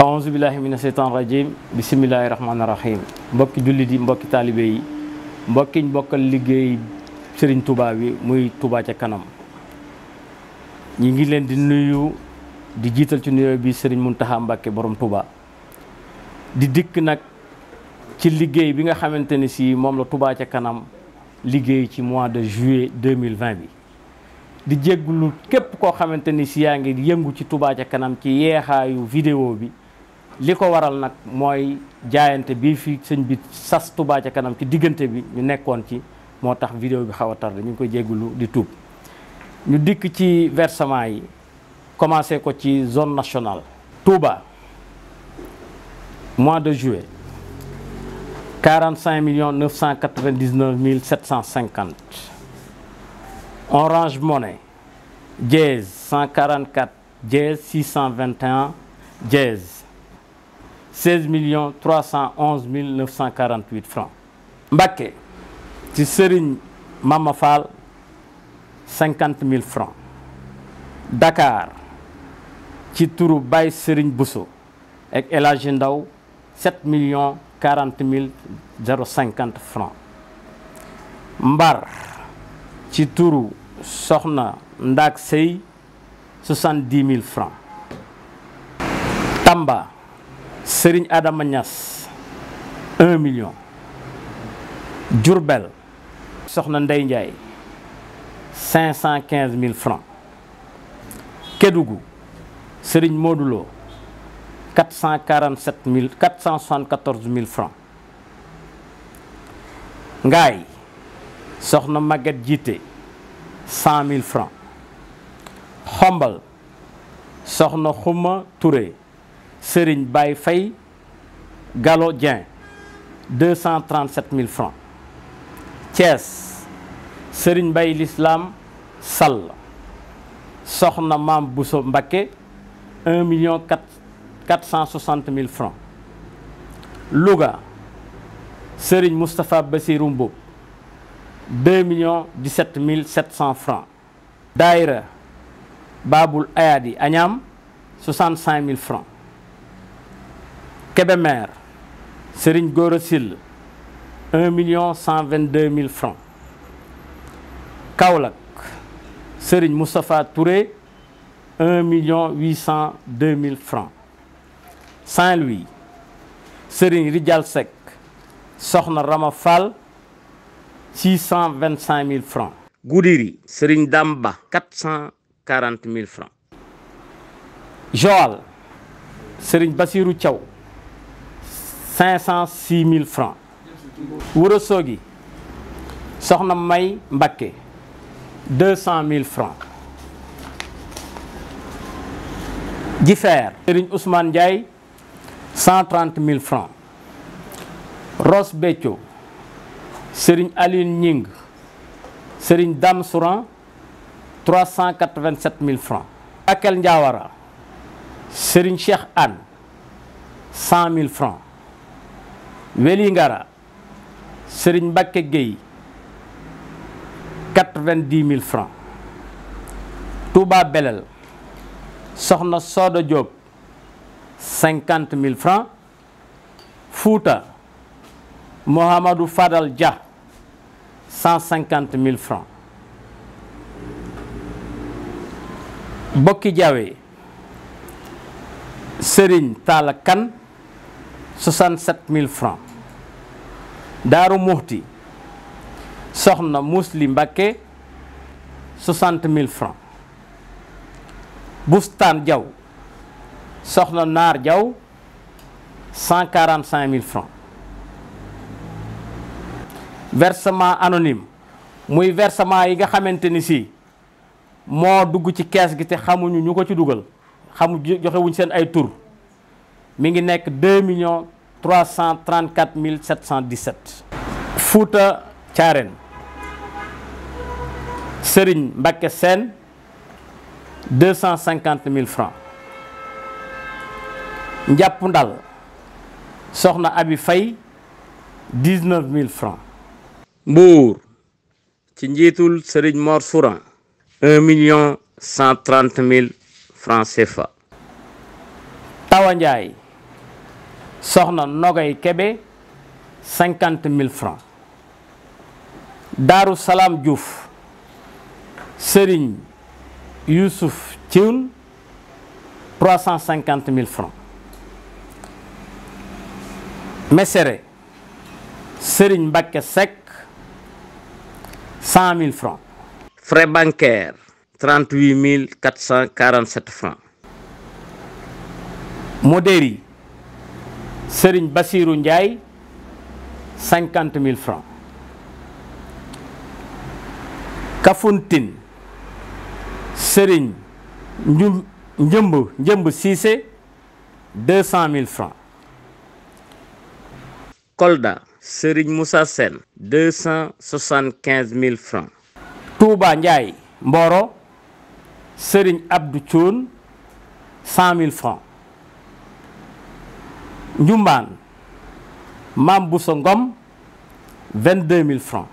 aouzu billahi mina seytaan rajim bisimilahi rahmaani rahim mbokki jullit yi mbokki taalibe yi mbokkiñ bokkal liggéey sëriñ Touba bi muy Touba ca kanam ñi ngi leen di nuyu di jiital ci nuyoo bi sëriñ Muntaxa Mbàkke borom Touba di dikk nag ci liggéey bi nga xamante ni si moom la Touba ca kanam liggéey ci mois de juillet 2020 bi di jégglu képp koo xamante ni si yaa ngi yëngu ci Touba ca kanam ci yeexaayu vidéo bi li ko waral nag mooy jaayante bi fi sëñ bi sas Touba ca kanam ci diggante bi ñu nekkoon ci moo tax vidéo bi xaw a tardé ñu ngi koy di tuub ñu dikk ci versement yi commencé ko ci zone nationale Touba mois de juillet 45 millions 999 mille 750 Orange Money dièse 144 dièse 621 dièse million millions 311 mille 948 francs Mbacké ci Serigne Mama Fall 50 mille francs Dakar ci turu Baye Serigne Bousso ak El Ndaw 7 millions 40 mille 050 francs Mbar ci turu Soxna Ndak Sey mille francs Tamba Serigne Adama Niass un million Diourbel Soxna Ndey Ndiaye quinze mille francs Kédougou Serigne Modou Lo quatre cent mille quatre cent soixante mille francs Ngaay Soxna Maguette jiite cent mille francs Xombal Soxna Xuma Touré Serigne bay Faye galo Dieng deux cent trente-sept mille francs Thiès Serigne l'Islam Sall Soxna Maam Bousso Mbacké un million quatre cent soixante mille francs Louga Serigne Moustapha Bassirou Mboup deux millions mille sept cent francs Daïra Babul Ayadi Agnam soixante Kébémer Serigne Gora Sill un million cent vingt-deux mille francs Kaolack Serigne Moustapha Touré un million huit cent deux mille francs Saint-Louis Serigne Rijal Seck Soxna ramafal Fall six cent vingt mille francs Goudiri Serigne Damba quatre cent quarante mille francs Joal Serigne Bassirou Thiaw 506 000 francs soxna May Mbakke 200 000 francs Jifeer Serigne Ousmane Ndiaye 130 000 francs Ross Béthio Serigne Aline Ñing Serigne Dame Souran 387 000 francs Akel Ndiawara Serigne Cheikh Anne 100 francs Weli Ngara Serigne Mbacke Gueye quatre-vingt-dix mille francs Touba Belel Soxna Soda Diop cinquante mille francs Fouta Mohamadou Fadal Dia cent cinquante mille francs Bokki Diawé Serigne Talla mille francs Daaru Muxti soxna Musli Mbakke mille francs Bustaan Jaw soxna Naar Jaw 145000 francs versement anonyme muy versement yi nga xamante ni si moo dugg ci kees gi te xamuñu ñu ko ci dugal xamu joxewuñ seen ay tur mi ngi nekk 2 millions 334 mille 717. Fouta Thiarène Serigne Mbacké Sène 250 mille francs Njàpp Ndal Soxna Abi Faye 19 mille francs ci njiitul Serigne Mor Souran million 130 mille francs CFA Tawa Ndiaye soxna Nogay Kebe cinquante mille francs Daaru Salaam Diouf Serigne Youssouf Thioune trois cent cinquante mille francs Mesere Serigne Mbacke Seck frais bancaires trente-huit mille quatre cent Serigne basiru Ndiaye cinquante mille francs Kafountine Serigne Njum Njëmb Njëmb Cissé deux cent mille francs Kolda Serigne Moussa Sène deux cent quinze mille francs Touba Ndiaye Mboro Serigne Abdou Thioune cent mille francs Ndioumane Mame Bousso Ngom vingt deux mille francs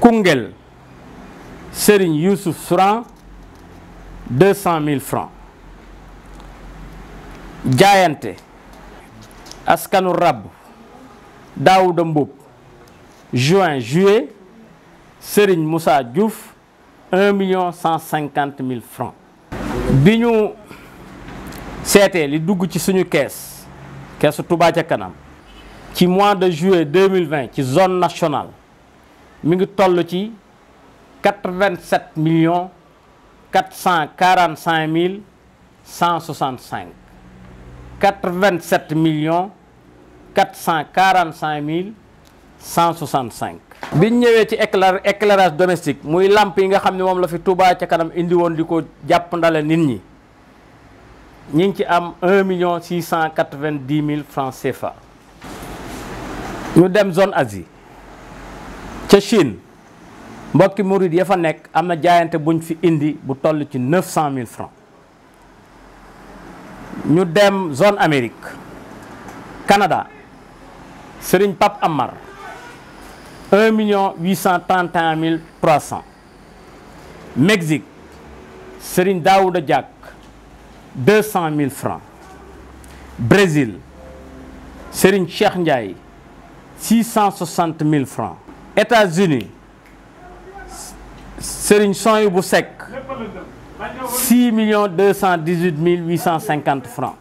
Koungheul Serigne Youssouf Souran mille francs jayante Askanu Rabb Daouda Mboup juin juillet Serigne Moussa Diouf un million cent cinquante mille francs bi ñu seetee li dugg ci suñu kees keesu tubaa ca kanam ci mois de juillet 2020 ci zone nationale mi ngi toll ci 87 millions 445 mille 165 87 millions 445 mille 165. biñ ñëwee ci éclair éclairage domestique muy làmp yi nga xam ne moom la fi tubaa ca kanam indi woon di ko jàpp ndale nit ñi. ñi ngi ci am un million six cent quatre-vingt-dix mille francs CFA ñu dem zone Asie ca Chine mbokki murid ya fa nekk am na jaayante buñ fi indi bu toll ci neuf cent ñu dem zone Amérique Canada sëriñ Pape Amar un million huit cent trente mille trois cents Mexique Serigne Daouda Diak deux mille francs Brésil Serigne Cheikh Ndiaye six cent soixante mille francs États-Unis Serigne Sohaibou Seck six millions deux cent dix-huit mille huit cent cinquante francs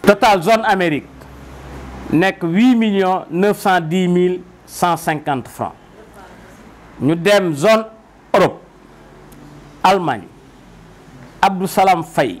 total zone Amérique nekk huit millions neuf cent mille cent cinquante francs ñu dem zone Europe Allemagne Abdou Salam Faye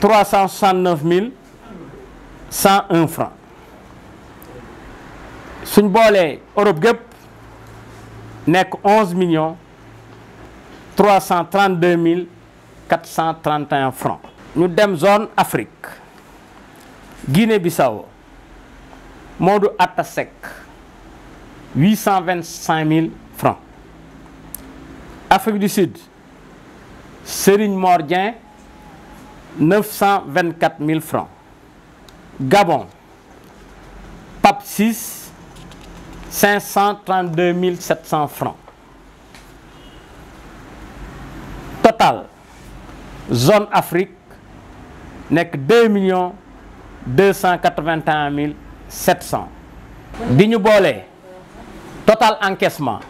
369 mille 101 francs suñ boolee Europe gépp nekk 11 millions 332 mille 431 francs ñu dem zone Afrique Guinée Bissau Modou Atta Seck 825 mille francs Afrique du Sud Serigne Mor neuf cent vingt mille francs Gabon PAP 6 cinq cent mille sept cent francs total zone Afrique nekk deux millions deux mille sept cent bi ñu boolee total encaissement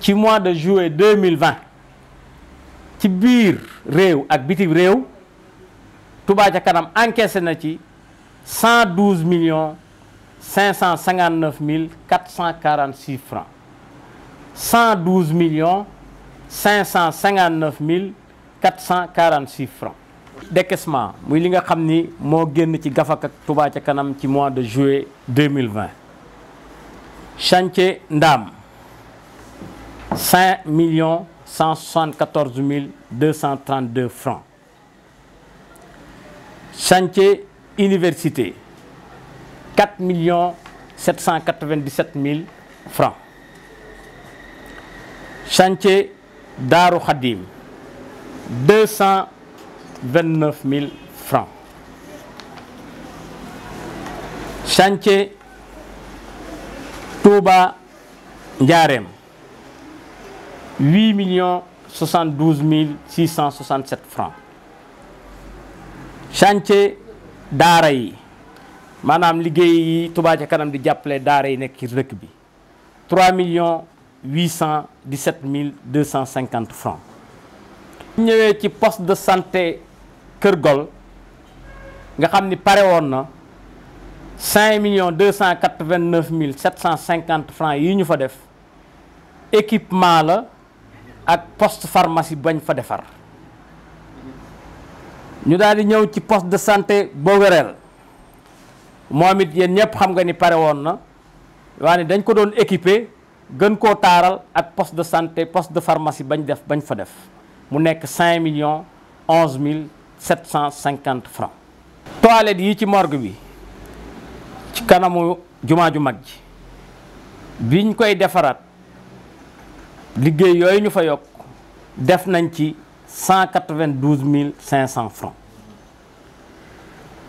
ci mois de juillet deux mille vingt ci biir réew ak bitim réew Touba ca kanam encaissé na ci million 112 millions 559 mille 446 francs 112 millions 559 mille 446 francs décaissement muy li nga xam ni moo génn ci gafak ak Touba ca kanam ci mois de juillet 2020 chantier Ndaam million cent 174 mille 232 francs chantier université million 4 millions 797 mille francs chantier Daaru Xadim 229 mille francs chantier Touba Ndiarème million millions 72 mille 667 francs chantier daara yi maanaam liggéey yi Touba ca kanam di jàppale daara yi nekk ci rëkk bi 3 millions 817 mille 250 francs ñëwee ci poste de santé Kër Gol nga xam ni pare woon na 5 millions 289 mille 750 francs yi ñu fa def équipement la ak post pharmacie bañ fa defar ñu daal di ñëw ci poste de santé Boguerel moom it yéen ñëpp xam nga ni pare woon na waa dañ ko doon équiper gën koo taaral ak poste de santé poste de pharmacie bañ def bañ fa def mu nekk 5 millions 11 mille 750 francs toilettes yi ci morgue bi ci kanamu jumaa ju mag ji biñ koy defaraat liggéey yooyu ñu fa yokk def nañ ci 192 500 francs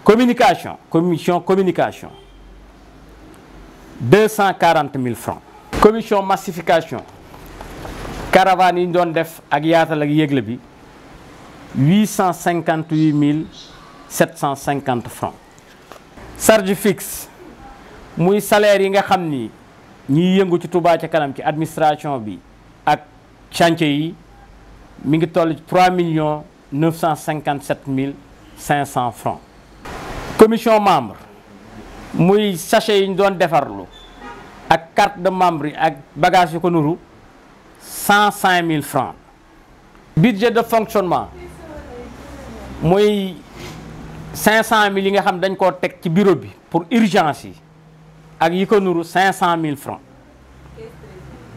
communication commission communication 240 000 francs commission massification caravane yi ñu doon def ak yaatal ak yégle bi 858 750 francs charge fixe muy salaire yi nga xam ni ñiy yëngu ci Touba ci kanam ci administration bi ak chantier yi mi ngi toll ci 3 millions 957 mille 500 francs commission membre muy sachet yi ñu doon defarlu ak carte de membre yi ak bagage yu ko nuru 105 mille francs budget de fonctionnement muy 500 mille yi nga xam dañ koo teg ci bureau bi pour urgence yi ak yi ko nuru 500 mille francs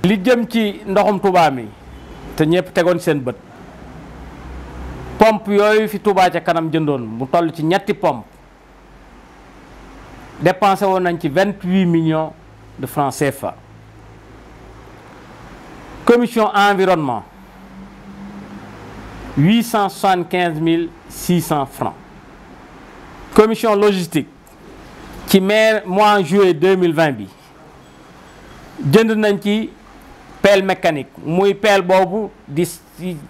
li jëm ci ndoxum Tuubaa mi te ñëpp tegoon seen bët pompe yooyu fi Touba ca kanam jëndoon mu toll ci ñetti pompe dépensé woon nañ ci vingt huit millions de francs CFA commission environnement huit cent soixante quinze mille six cent francs commission logistique ci mai mois juillet deux mille vingt bi jënd nañ ci. pelle mécanique muy pelle boobu di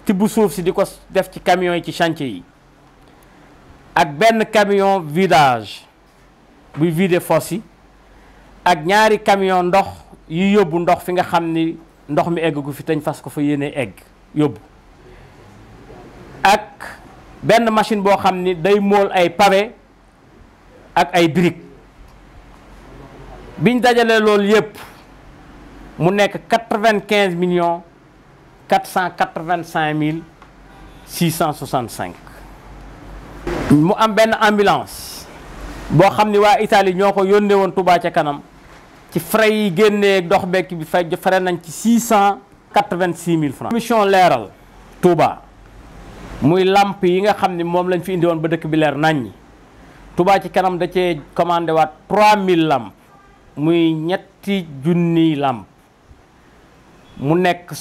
tibb suuf si di ko def ci camion yi ci chantier yi ak benn camion vidage buy vider fosse yi ak ñaari camion ndox yu yóbbu ndox fi nga xam ni ndox mi egg gu fi tañ fas ko fa yéene egg yóbbu ak benn machine boo xam ni day mool ay pavé ak ay briques biñ dajalee loolu yépp mu nekk quatre-vingt-quinze millions quatre cent quatre-vingt-cinq mille six cent soixante-cinq mu am benn ambulance boo xam ni waa Italie ñoo ko yónnee woon Touba ca kanam ci fray yi génnee dox bekk bi fay frais nañ ci six cent quatre mille francs mission leeral Touba muy làmp yi nga xam ni moom lañ fi indi woon ba dëkk bi leer nañ naññi Touba ci kanam da cee commandé waat trois mille làmp muy ñetti junniy làmp mu nekk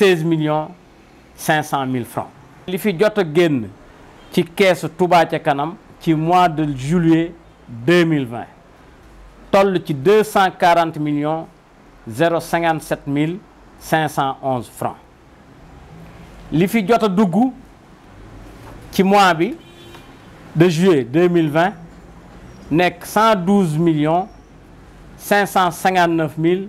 million millions 500 mille francs li fi jot a génn ci keesu Touba ca kanam ci mois de juillet 2020 toll ci 240 millions 057 mille 511 francs li fi jot a dugg ci mois bi de juillet 2020 nekk 112 millions 559 mille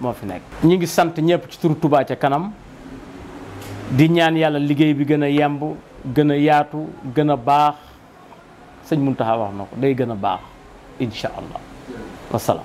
moo fi nekk. ñi ngi sant ñëpp ci turu Touba ca kanam di ñaan yàlla liggéey bi gën a yemb gën a yaatu gën a baax sëñ Mountakha wax na ko day gën a baax incha allah wasalaam.